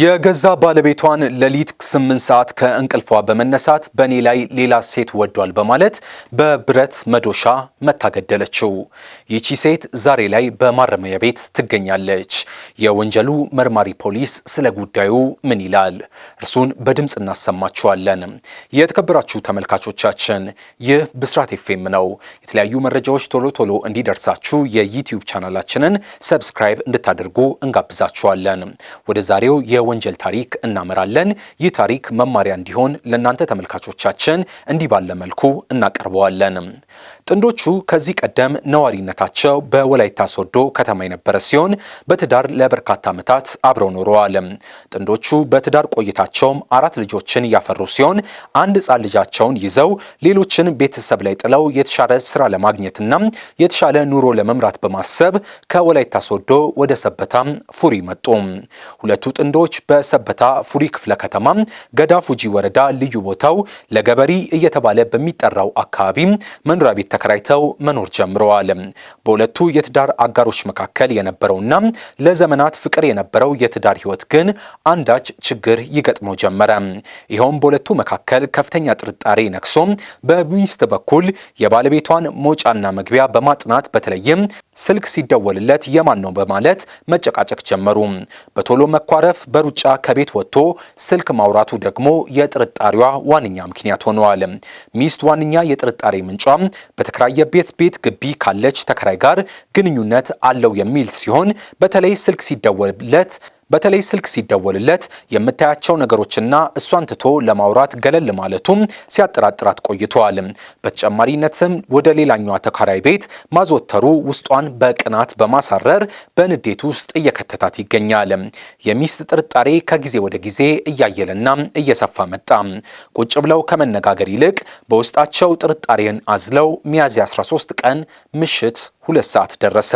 የገዛ ባለቤቷን ሌሊት ስምንት ሰዓት ከእንቅልፏ በመነሳት በእኔ ላይ ሌላ ሴት ወዷል በማለት በብረት መዶሻ መታገደለችው። ይቺ ሴት ዛሬ ላይ በማረሚያ ቤት ትገኛለች። የወንጀሉ መርማሪ ፖሊስ ስለ ጉዳዩ ምን ይላል? እርሱን በድምፅ እናሰማችኋለን። የተከበራችሁ ተመልካቾቻችን፣ ይህ ብስራት ኤፍኤም ነው። የተለያዩ መረጃዎች ቶሎ ቶሎ እንዲደርሳችሁ የዩትዩብ ቻናላችንን ሰብስክራይብ እንድታደርጉ እንጋብዛችኋለን። ወደ ዛሬው የወንጀል ታሪክ እናመራለን። ይህ ታሪክ መማሪያ እንዲሆን ለእናንተ ተመልካቾቻችን እንዲህ ባለ መልኩ እናቀርበዋለን። ጥንዶቹ ከዚህ ቀደም ነዋሪነታቸው በወላይታ ሶዶ ከተማ የነበረ ሲሆን በትዳር ለበርካታ ዓመታት አብረው ኖረዋል። ጥንዶቹ በትዳር ቆይታቸውም አራት ልጆችን እያፈሩ ሲሆን አንድ ሕፃን ልጃቸውን ይዘው ሌሎችን ቤተሰብ ላይ ጥለው የተሻለ ስራ ለማግኘትና የተሻለ ኑሮ ለመምራት በማሰብ ከወላይታ ሶዶ ወደ ሰበታም ፉሪ መጡ። ሁለቱ ጥንዶች ሰዎች በሰበታ ፉሪ ክፍለ ከተማ ገዳ ፉጂ ወረዳ ልዩ ቦታው ለገበሪ እየተባለ በሚጠራው አካባቢ መኖሪያ ቤት ተከራይተው መኖር ጀምረዋል። በሁለቱ የትዳር አጋሮች መካከል የነበረውና ለዘመናት ፍቅር የነበረው የትዳር ህይወት ግን አንዳች ችግር ይገጥመው ጀመረ። ይኸውም በሁለቱ መካከል ከፍተኛ ጥርጣሬ ነክሶ በሚኒስት በኩል የባለቤቷን መውጫና መግቢያ በማጥናት በተለይም ስልክ ሲደወልለት የማን ነው በማለት መጨቃጨቅ ጀመሩ። በቶሎ መኳረፍ በሩጫ ከቤት ወጥቶ ስልክ ማውራቱ ደግሞ የጥርጣሬዋ ዋነኛ ምክንያት ሆነዋል። ሚስት ዋነኛ የጥርጣሬ ምንጯ በተከራየበት ቤት ግቢ ካለች ተከራይ ጋር ግንኙነት አለው የሚል ሲሆን በተለይ ስልክ ሲደወልለት በተለይ ስልክ ሲደወልለት የምታያቸው ነገሮችና እሷን ትቶ ለማውራት ገለል ማለቱም ሲያጠራጥራት ቆይተዋል። በተጨማሪነትም ወደ ሌላኛዋ ተካራይ ቤት ማዘወተሩ ውስጧን በቅናት በማሳረር በንዴት ውስጥ እየከተታት ይገኛል። የሚስት ጥርጣሬ ከጊዜ ወደ ጊዜ እያየለና እየሰፋ መጣ። ቁጭ ብለው ከመነጋገር ይልቅ በውስጣቸው ጥርጣሬን አዝለው ሚያዝያ 13 ቀን ምሽት ሁለት ሰዓት ደረሰ።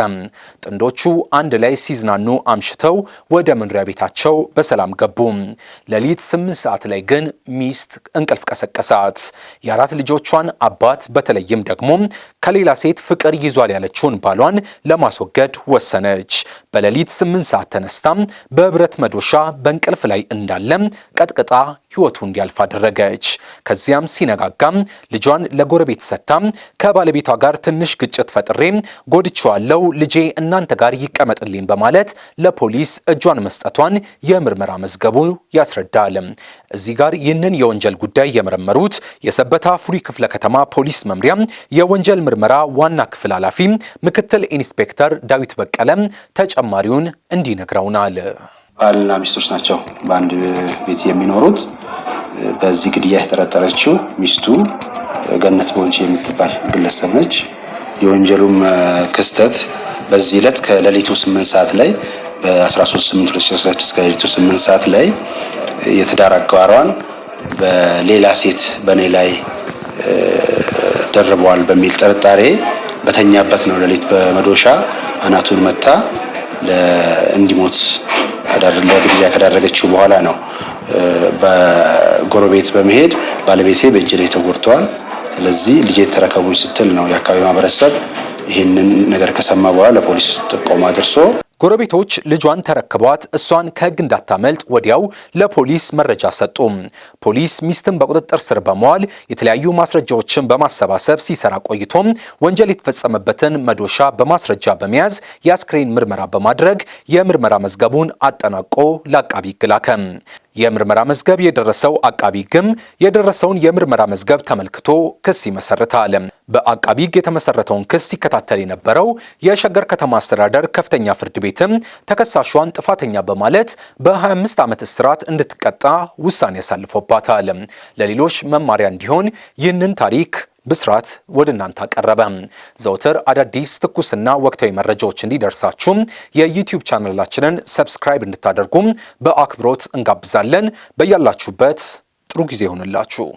ጥንዶቹ አንድ ላይ ሲዝናኑ አምሽተው ወደ መኖሪያ ቤታቸው በሰላም ገቡ። ሌሊት ስምንት ሰዓት ላይ ግን ሚስት እንቅልፍ ቀሰቀሳት። የአራት ልጆቿን አባት በተለይም ደግሞ ከሌላ ሴት ፍቅር ይዟል ያለችውን ባሏን ለማስወገድ ወሰነች። በሌሊት ስምንት ሰዓት ተነስታ በብረት መዶሻ በእንቅልፍ ላይ እንዳለም ቀጥቅጣ ህይወቱ እንዲያልፍ አደረገች። ከዚያም ሲነጋጋም ልጇን ለጎረቤት ሰጥታም ከባለቤቷ ጋር ትንሽ ግጭት ፈጥሬ ጎድቼዋለሁ፣ ልጄ እናንተ ጋር ይቀመጥልኝ በማለት ለፖሊስ እጇን መስጠቷን የምርመራ መዝገቡ ያስረዳል። እዚህ ጋር ይህንን የወንጀል ጉዳይ የመረመሩት የሰበታ ፍሪ ክፍለ ከተማ ፖሊስ መምሪያ የወንጀል ምርመራ ዋና ክፍል ኃላፊ ምክትል ኢንስፔክተር ዳዊት በቀለ ተጨማሪውን እንዲህ ነግረውናል። ባልና ሚስቶች ናቸው በአንድ ቤት የሚኖሩት። በዚህ ግድያ የተጠረጠረችው ሚስቱ ገነት በወንጭ የምትባል ግለሰብ ነች። የወንጀሉም ክስተት በዚህ ዕለት ከሌሊቱ 8 ሰዓት ላይ በ13/8/2016 ከሌሊቱ 8 ሰዓት ላይ የትዳር አጋሯን በሌላ ሴት በእኔ ላይ ደርበዋል በሚል ጥርጣሬ በተኛበት ነው። ሌሊት በመዶሻ አናቱን መታ እንዲሞት ለግድያ ከዳረገችው በኋላ ነው። በጎረቤት በመሄድ ባለቤቴ በእጅ ላይ ተጎድተዋል፣ ስለዚህ ልጄን ተረከቡኝ ስትል ነው የአካባቢ ማህበረሰብ ይህንን ነገር ከሰማ በኋላ ለፖሊስ ጥቆማ ደርሶ ጎረቤቶች ልጇን ተረክቧት እሷን ከህግ እንዳታመልጥ ወዲያው ለፖሊስ መረጃ ሰጡ። ፖሊስ ሚስትን በቁጥጥር ስር በመዋል የተለያዩ ማስረጃዎችን በማሰባሰብ ሲሰራ ቆይቶም ወንጀል የተፈጸመበትን መዶሻ በማስረጃ በመያዝ የአስክሬን ምርመራ በማድረግ የምርመራ መዝገቡን አጠናቆ ለአቃቢ ሕግ ላከ። የምርመራ መዝገብ የደረሰው አቃቢ ሕግም የደረሰውን የምርመራ መዝገብ ተመልክቶ ክስ ይመሰርታል። በአቃቢ ሕግ የተመሰረተውን ክስ ሲከታተል የነበረው የሸገር ከተማ አስተዳደር ከፍተኛ ፍርድ ቤትም ተከሳሿን ጥፋተኛ በማለት በ25 ዓመት እስራት እንድትቀጣ ውሳኔ ያሳልፎባታል። ለሌሎች መማሪያ እንዲሆን ይህንን ታሪክ ብስራት ወደ እናንተ አቀረበ። ዘውትር አዳዲስ ትኩስና ወቅታዊ መረጃዎች እንዲደርሳችሁም የዩቲዩብ ቻናላችንን ሰብስክራይብ እንድታደርጉም በአክብሮት እንጋብዛለን። በያላችሁበት ጥሩ ጊዜ ይሆንላችሁ።